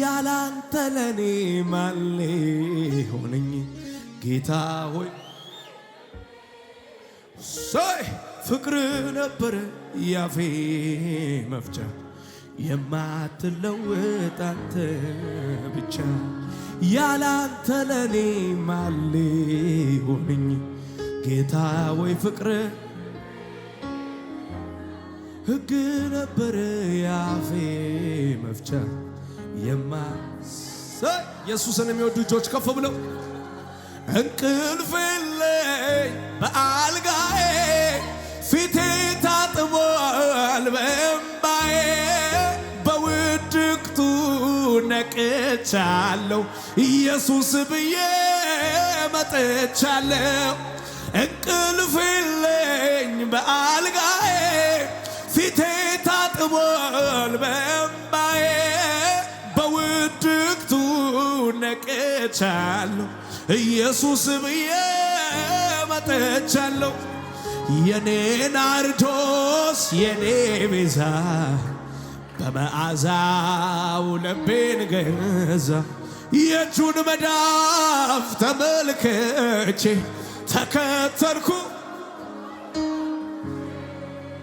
ያላንተ ለኔ ማሌ ሆነኝ ጌታ ሆይ ሳይ ፍቅር ነበረ ያፌ መፍቻ የማትለወጥ አንተ ብቻ ያላንተ ለኔ ማሌ ሆነኝ ጌታ ወይ ፍቅር ሕግ ነበረ ያፌ መፍቻ የማ ኢየሱስን የሚወዱ እጆች ከፍ ብለው እንቅልፍ የለኝ በአልጋዬ ፊቴ ታጥቧል በእምባዬ በውድቅቱ ነቅቻለሁ ኢየሱስ ብዬ መጥቻለሁ እንቅልፍ የለኝ በአልጋዬ ፊቴ ታጥቧል በእምባዬ ነቅቻለሁ፣ ኢየሱስ ብዬ መጥቻለሁ። የኔ ናርዶስ የኔ ቤዛ በመዓዛው ልቤን ገዛ። የእጁን መዳፍ ተመልክቼ ተከተልኩ